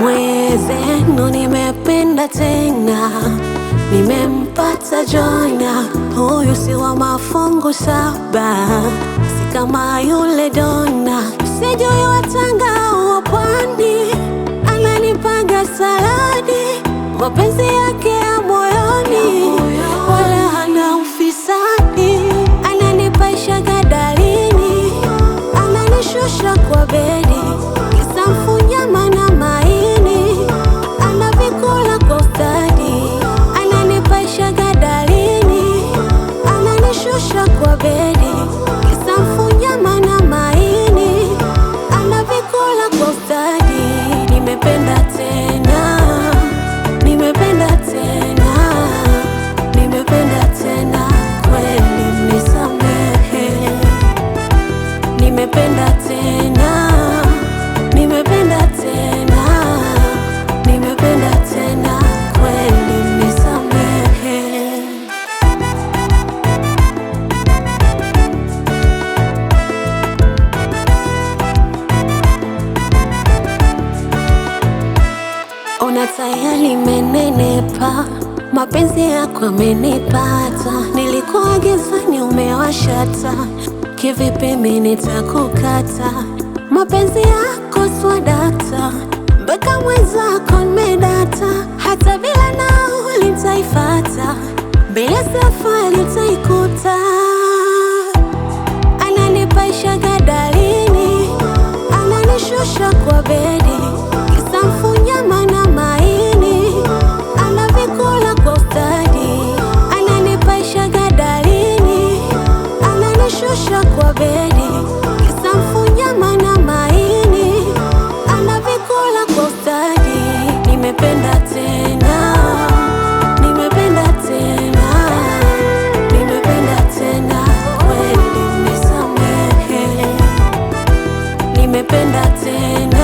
Mwezenu nimependa tena, nimempata Jona, huyu si wa mafungu saba, si kama yule Dona, sijui Watanga au Pwani, ananipanga saladi, mapenzi yake ya moyoni, wala hana ufisadi, ananipaisha gadalini, ananishusha kwa bedi kwa bedi tayari menenepa, mapenzi yako amenipata, nilikuwa gizani umewashata, kivipi mimi nitakukata? Mapenzi yako swadata, mpaka mwenzako nimedata, hata bila nauli nitaifata, bila safari sipendi. Kisamfunya mana maini anavikula kwa ustadi. Nimependa tena, nimependa tena, nimependa tena, kweli nisamehe, nimependa tena